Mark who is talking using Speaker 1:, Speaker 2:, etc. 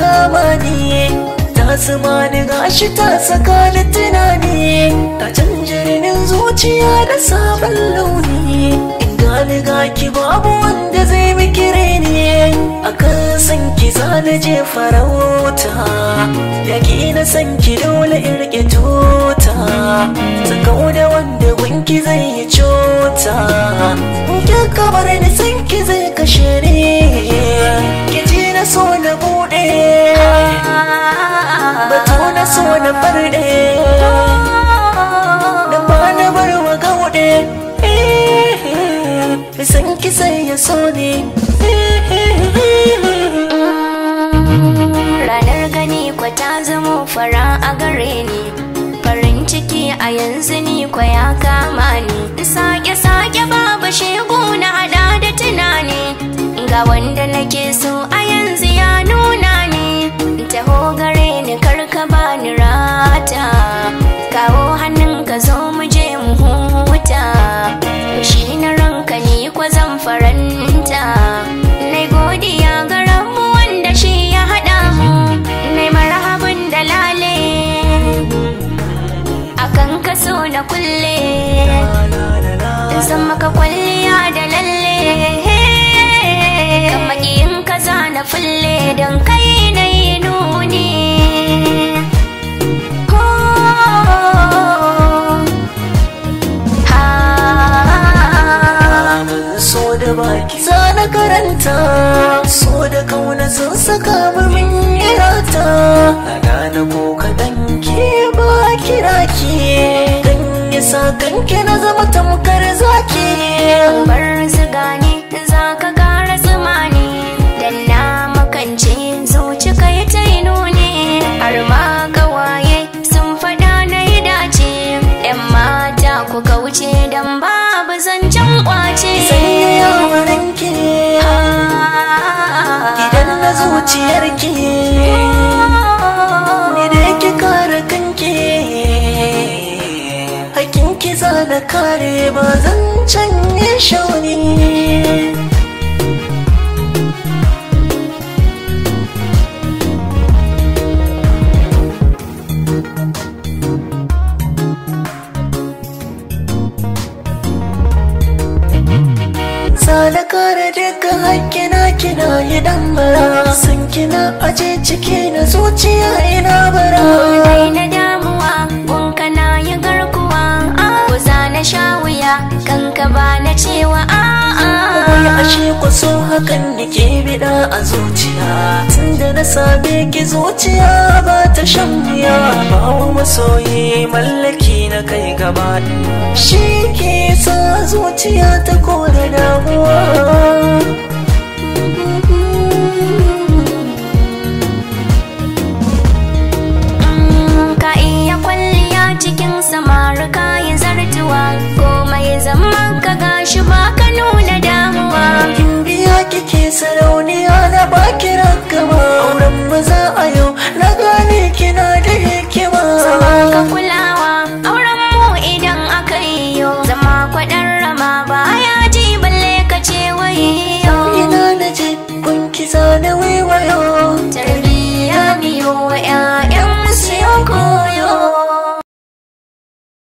Speaker 1: kama ni ta zama ni gashi ta saka ni tunani ta rinin zuciya da sabon launi Inga ni gaki babu wanda zai miki reni akan san ki zana je farauta yaki na san ki dole in rike tuta Ta da wanda gunki zai yi cuta ki kabar ni san ki zai kashe ni ki ji na so na bude na da ba na bar wa gauɗe
Speaker 2: eh, san kisan ya so ne eh. ranar gani kwa ta zama fara a gare ni farin ciki a yanzu ni kwa ya kama ni sake sa da karka bani rata kawo hannun ka zo mu je mu huta shi na ranka ni kwa zan faranta nai godiya ga ranmu wanda shi ya haɗa mu nai marhabin dalale akan ka kaso na kulle zan maka kwalliya da lalle
Speaker 1: baki za na karanta so da kauna sun saka min yarata na ko kaɗan
Speaker 2: ke ba kira ke ganye sa kanke na zama tamkar zaki bar su gane za ka kara zuma ne dan na makance zuci kai ta yi nuni har ma kawaye sun faɗa na yi dace 'yan mata ku kauce dan babu zancen kwace lamarinki
Speaker 1: idan na zuciyarki ni da yake kare kanki hakinki za na kare ba zan canye shauni sana na daga duka hakkina kina
Speaker 2: yi dan bara san kina aje ciki na zuciya ina bara kai na damuwa gun kana yi garkuwa ko na sha wuya kanka ba na cewa a'a ashe ku so hakan nake
Speaker 1: bida a zuciya tunda na same ki zuciya ba ta shan miya ba wa masoyi mallaki na kai gaba shi ke sa zuciya ta kore damuwa
Speaker 2: Goma ya zama ka gashi ba damuwa. Biya sarau I knew we wayo